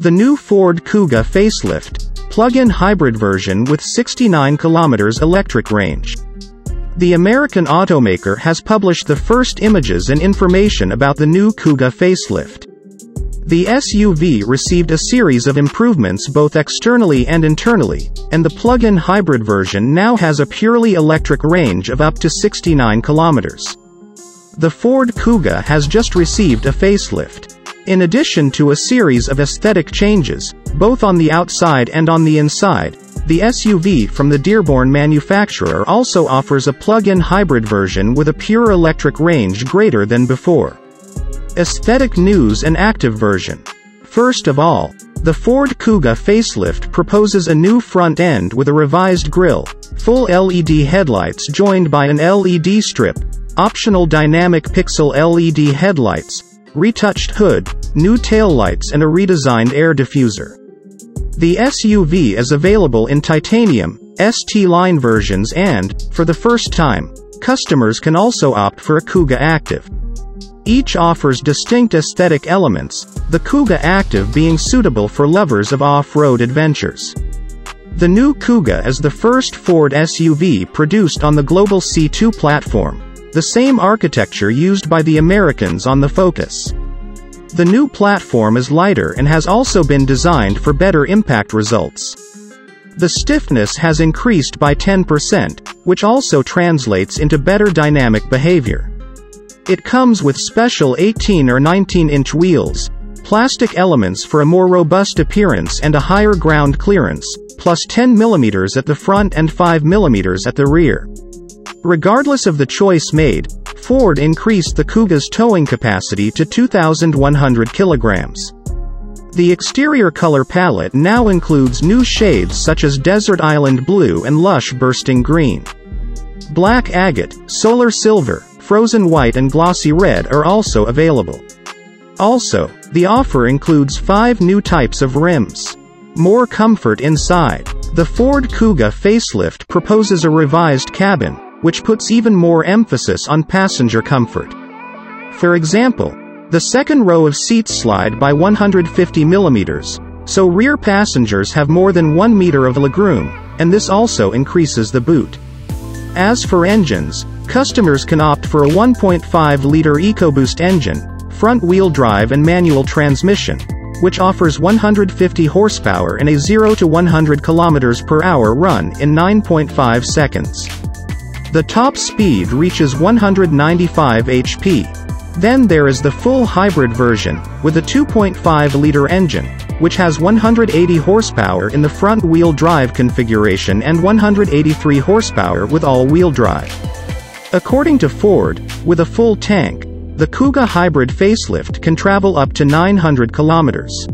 The new Ford Kuga facelift, plug-in hybrid version with 69 kilometers electric range. The American automaker has published the first images and information about the new Kuga facelift. The SUV received a series of improvements both externally and internally, and the plug-in hybrid version now has a purely electric range of up to 69 kilometers. The Ford Kuga has just received a facelift. In addition to a series of aesthetic changes, both on the outside and on the inside, the SUV from the Dearborn manufacturer also offers a plug-in hybrid version with a pure electric range greater than before. Aesthetic News and Active Version First of all, the Ford Kuga facelift proposes a new front end with a revised grille, full LED headlights joined by an LED strip, optional dynamic pixel LED headlights, retouched hood, new taillights and a redesigned air diffuser. The SUV is available in titanium, ST line versions and, for the first time, customers can also opt for a Kuga Active. Each offers distinct aesthetic elements, the Kuga Active being suitable for lovers of off-road adventures. The new Kuga is the first Ford SUV produced on the Global C2 platform, the same architecture used by the Americans on the Focus. The new platform is lighter and has also been designed for better impact results. The stiffness has increased by 10%, which also translates into better dynamic behavior. It comes with special 18 or 19-inch wheels, plastic elements for a more robust appearance and a higher ground clearance, plus 10 mm at the front and 5 mm at the rear. Regardless of the choice made, Ford increased the Kuga's towing capacity to 2,100 kilograms. The exterior color palette now includes new shades such as Desert Island Blue and Lush Bursting Green. Black Agate, Solar Silver, Frozen White and Glossy Red are also available. Also, the offer includes 5 new types of rims. More comfort inside. The Ford Kuga facelift proposes a revised cabin, which puts even more emphasis on passenger comfort. For example, the second row of seats slide by 150 millimeters, so rear passengers have more than 1 meter of legroom, and this also increases the boot. As for engines, customers can opt for a 1.5-liter EcoBoost engine, front-wheel drive and manual transmission, which offers 150 horsepower and a 0 to 100 kilometers per hour run in 9.5 seconds. The top speed reaches 195 HP. Then there is the full hybrid version, with a 2.5-liter engine, which has 180 horsepower in the front-wheel drive configuration and 183 horsepower with all-wheel drive. According to Ford, with a full tank, the Kuga hybrid facelift can travel up to 900 kilometers.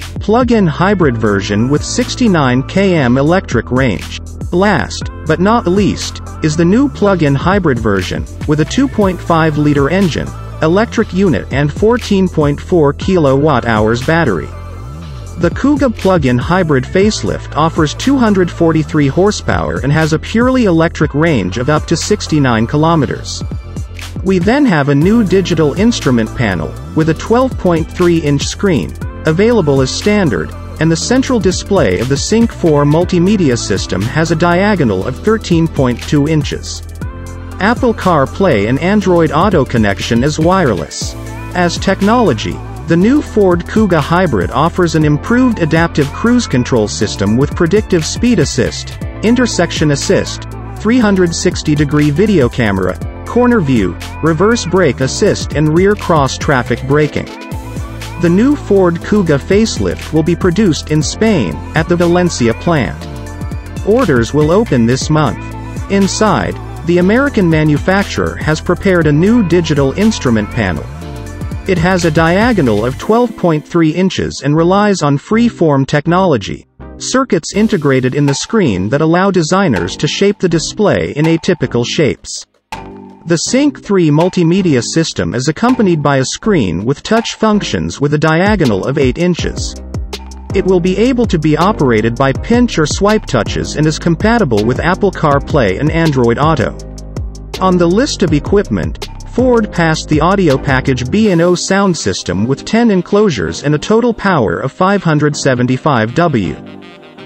Plug-in hybrid version with 69 km electric range. Last, but not least, is the new plug-in hybrid version, with a 2.5-liter engine, electric unit and 14.4 kilowatt-hours battery. The Kuga plug-in hybrid facelift offers 243 horsepower and has a purely electric range of up to 69 kilometers. We then have a new digital instrument panel, with a 12.3-inch screen, available as standard, and the central display of the Sync 4 multimedia system has a diagonal of 13.2 inches. Apple CarPlay and Android Auto connection is wireless. As technology, the new Ford Kuga Hybrid offers an improved adaptive cruise control system with predictive speed assist, intersection assist, 360-degree video camera, corner view, reverse brake assist and rear cross-traffic braking. The new Ford Kuga facelift will be produced in Spain, at the Valencia plant. Orders will open this month. Inside, the American manufacturer has prepared a new digital instrument panel. It has a diagonal of 12.3 inches and relies on free-form technology, circuits integrated in the screen that allow designers to shape the display in atypical shapes. The Sync 3 multimedia system is accompanied by a screen with touch functions with a diagonal of 8 inches. It will be able to be operated by pinch or swipe touches and is compatible with Apple CarPlay and Android Auto. On the list of equipment, Ford passed the audio package B&O sound system with 10 enclosures and a total power of 575 W.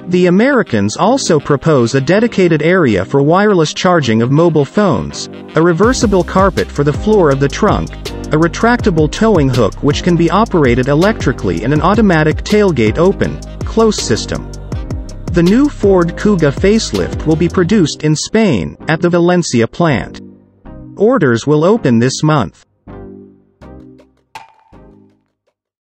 The Americans also propose a dedicated area for wireless charging of mobile phones, a reversible carpet for the floor of the trunk, a retractable towing hook which can be operated electrically and an automatic tailgate open, close system. The new Ford Kuga facelift will be produced in Spain, at the Valencia plant. Orders will open this month.